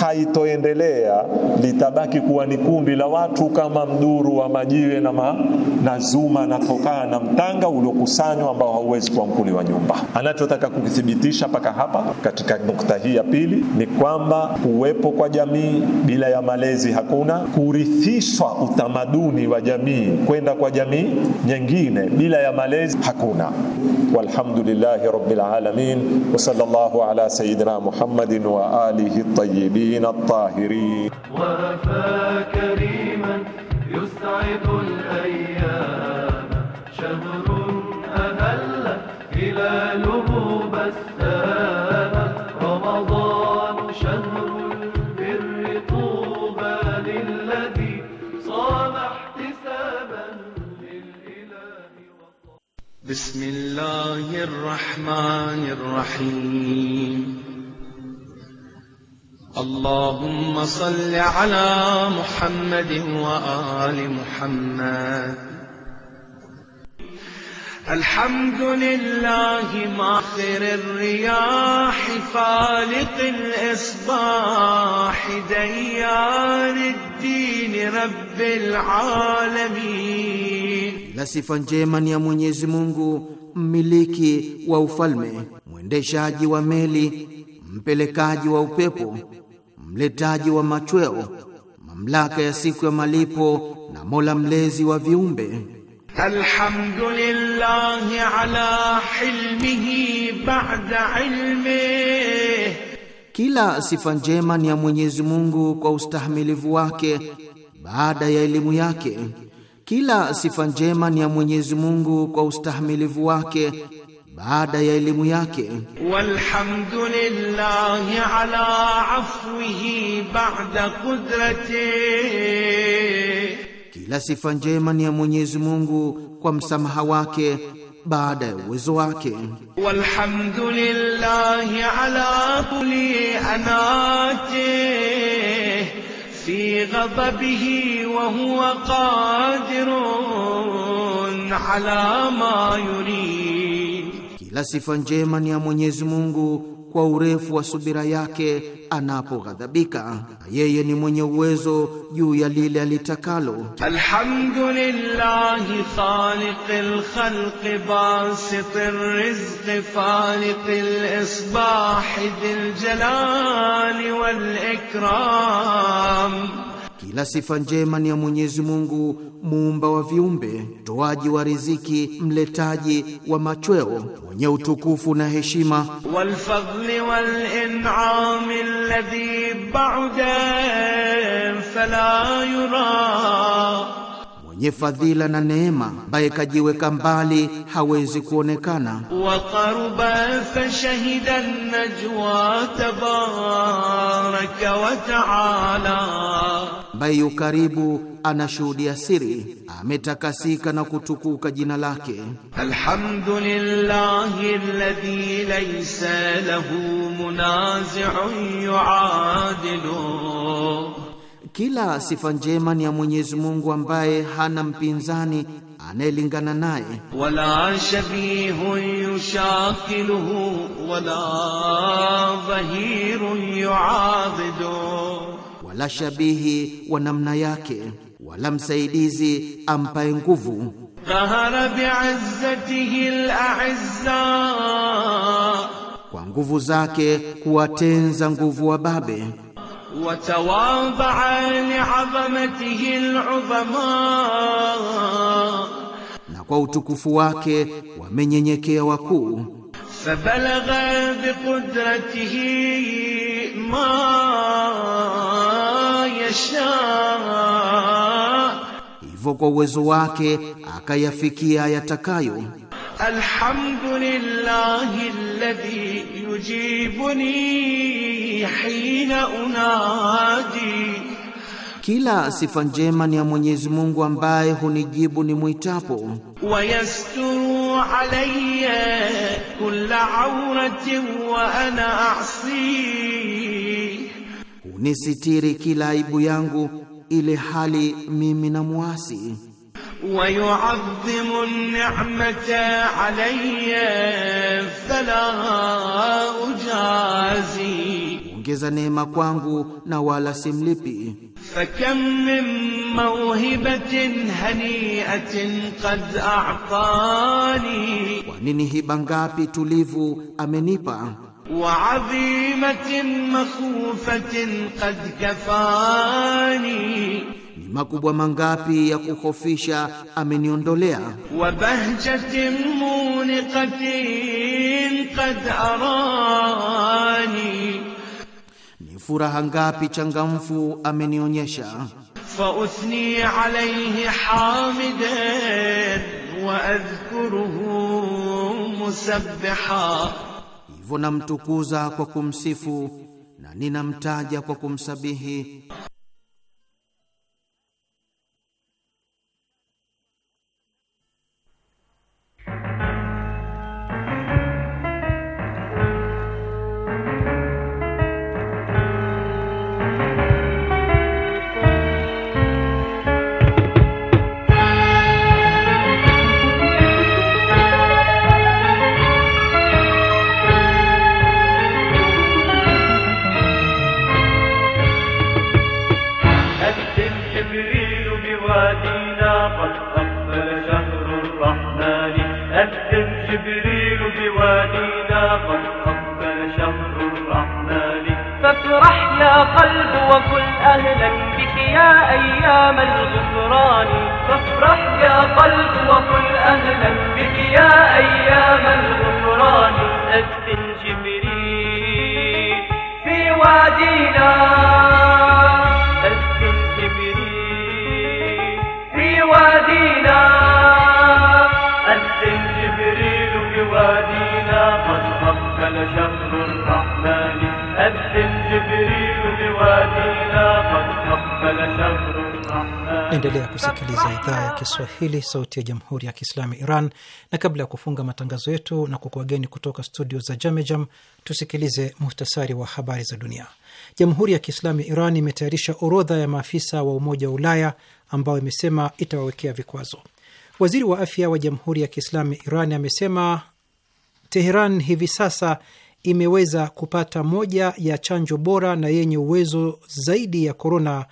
haitoendelea, litabaki kuwa ni kundi la watu kama mduru wa majiwe na, ma, na zuma na tokaa na mtanga uliokusanywa ambao hauwezi kuwa mkuli wa nyumba. Anachotaka kukithibitisha mpaka hapa katika nukta hii ya pili ni kwamba kuwepo kwa jamii bila ya malezi hakuna kurithishwa utamaduni wa jamii kwenda kwa jamii nyingine. Bila ya malezi hakuna. Walhamdulillahi rabbil alamin wa sallallahu ala sayidina Muhammadin wa alihi at-tayyibin at-tahirin wa fa وافى كريما يسعد الأيام شهر أهل هلاله بسام بسم الله الرحمن الرحيم اللهم صل على محمد وآل محمد الحمد لله ماخر الرياح فالق الإصباح ديان الدين رب العالمين na sifa njema ni ya Mwenyezi Mungu, mmiliki wa ufalme, mwendeshaji wa meli, mpelekaji wa upepo, mletaji wa machweo, mamlaka ya siku ya malipo na Mola mlezi wa viumbe. Alhamdulillahi ala hilmihi ba'da ilmi. kila sifa njema ni ya Mwenyezi Mungu kwa ustahimilivu wake baada ya elimu yake. Kila sifa njema ni ya Mwenyezi Mungu kwa ustahimilivu wake baada ya elimu yake. Walhamdulillahi ala afwihi ba'da qudrati, kila sifa njema ni ya Mwenyezi Mungu kwa msamaha wake baada ya uwezo wake. Walhamdulillahi ala kulli anati في غضبه وهو قادر على ما يريد. Kila sifa njema ni ya Mwenyezi Mungu kwa urefu wa subira yake anapoghadhabika. Yeye ni mwenye uwezo juu ya lile alitakalo. Alhamdulillahi khaliqil khalq basitir rizq faliqil isbahi dhil jalali wal ikram kila sifa njema ni ya Mwenyezi Mungu, muumba wa viumbe, toaji wa riziki, mletaji wa machweo, mwenye utukufu na heshima. wal fadli wal in'am alladhi ba'da fala yura mwenye fadhila na neema, baye kajiweka mbali hawezi kuonekana. wa qaruba fa shahida najwa tabaraka wa taala, baye yu karibu anashuhudia siri, ametakasika na kutukuka jina lake. Alhamdulillahi alladhi laysa lahu munazi'un yu'adilu kila sifa njema ni ya Mwenyezi Mungu ambaye hana mpinzani anayelingana naye. wala shabihu yushakiluhu wala dhahirun yuadidu, wala shabihi wa namna yake, wala msaidizi ampae nguvu. qahara bi'izzatihi al-a'izza, kwa nguvu zake kuwatenza nguvu wa babe وتواضع لعظمته العظماء na kwa utukufu wake wamenyenyekea wakuu fabalagha biqudratihi ma yasha hivyo kwa uwezo wake akayafikia yatakayo الحمد لله الذي يجيبني حين unadi. Kila sifa njema ni ya Mwenyezi Mungu ambaye hunijibu ni mwitapo. Wayasturu alayya kulla auratin wa ana asi, hunisitiri kila aibu yangu ile hali mimi na muasi. ويعظم النعمة علي فلا أجازي ongeza neema kwangu na wala simlipi. fakam min mawhibatin haniatin qad a'tani, kwa nini hiba ngapi tulivu amenipa وعظيمة مخوفة قد كفاني makubwa mangapi ya kuhofisha ameniondolea. wa bahjatin muniqatin qad arani, ni furaha ngapi changamfu amenionyesha. fa usni alayhi hamidan wa adhkuruhu musabbiha, hivyo namtukuza kwa kumsifu na ninamtaja kwa kumsabihi. بوادينا قد أقبل شهر الرحمن أكتم جبريل بوادينا قد أقبل شهر الرحمن فافرح يا قلب وكل أهلا بك يا أيام الغفران فافرح يا قلب وكل أهلا بك يا أيام الغفران أكتم جبريل في وادينا شهر الرحمن أبسم جبريل بوادينا قد قبل شهر Endelea Naendelea kusikiliza idhaa ya Kiswahili, sauti ya jamhuri ya kiislamu Iran. Na kabla ya kufunga matangazo yetu na kukuageni kutoka studio za Jamejam, tusikilize muhtasari wa habari za dunia. Jamhuri ya Kiislamu Iran imetayarisha orodha ya maafisa wa Umoja wa Ulaya ambayo imesema itawawekea vikwazo. Waziri wa afya wa Jamhuri ya Kiislamu Iran amesema Teheran hivi sasa imeweza kupata moja ya chanjo bora na yenye uwezo zaidi ya korona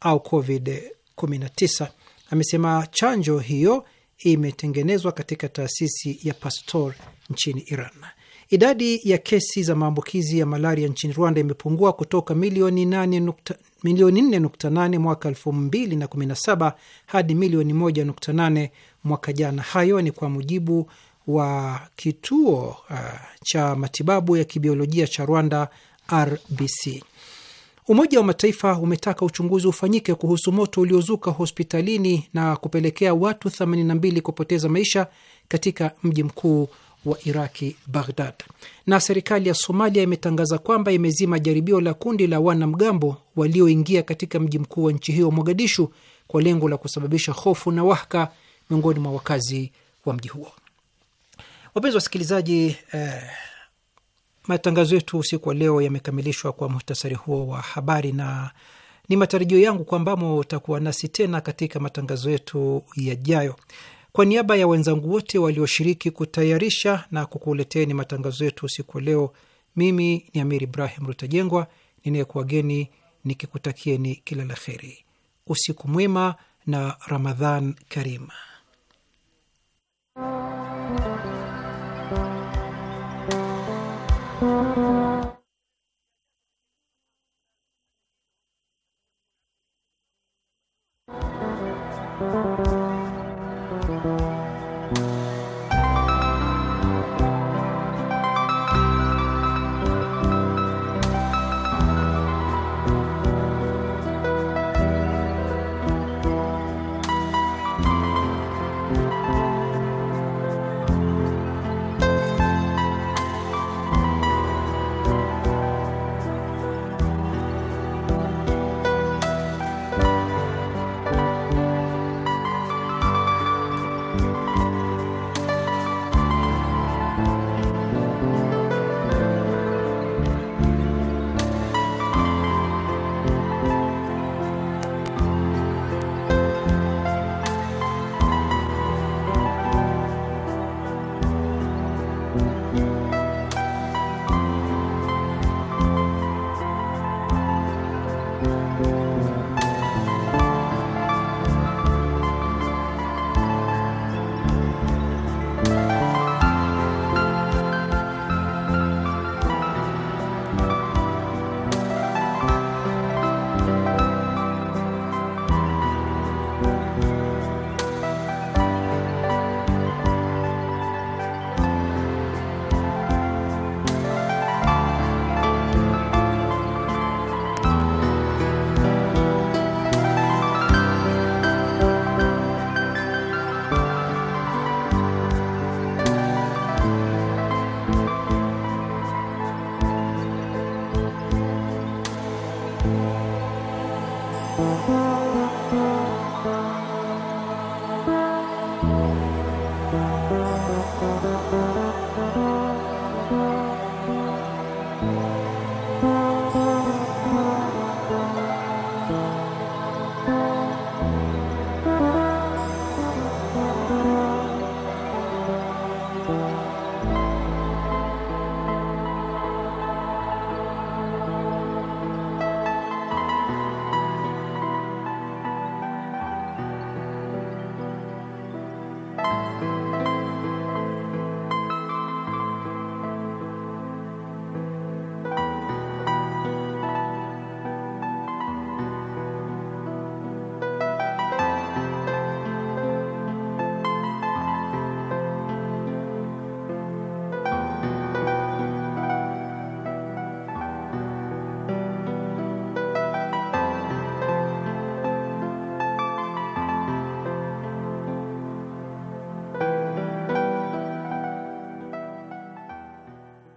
au COVID-19. Amesema chanjo hiyo imetengenezwa katika taasisi ya Pasteur nchini Iran. Idadi ya kesi za maambukizi ya malaria nchini Rwanda imepungua kutoka milioni 4.8 mwaka 2017 hadi milioni 1.8 mwaka jana. Hayo ni kwa mujibu wa kituo uh, cha matibabu ya kibiolojia cha Rwanda RBC. Umoja wa Mataifa umetaka uchunguzi ufanyike kuhusu moto uliozuka hospitalini na kupelekea watu 82 kupoteza maisha katika mji mkuu wa Iraki, Baghdad. Na serikali ya Somalia imetangaza kwamba imezima jaribio la kundi la wanamgambo walioingia katika mji mkuu wa nchi hiyo Mogadishu, kwa lengo la kusababisha hofu na wahaka miongoni mwa wakazi wa mji huo. Wapenzi wasikilizaji, eh, matangazo yetu usiku wa leo yamekamilishwa kwa muhtasari huo wa habari, na ni matarajio yangu kwamba utakuwa nasi tena katika matangazo yetu yajayo. Kwa niaba ya wenzangu wote walioshiriki kutayarisha na kukuleteni matangazo yetu usiku wa leo, mimi ni Amir Ibrahim Rutajengwa ninayekuwageni nikikutakieni kila la heri, usiku mwema na Ramadhan Karima.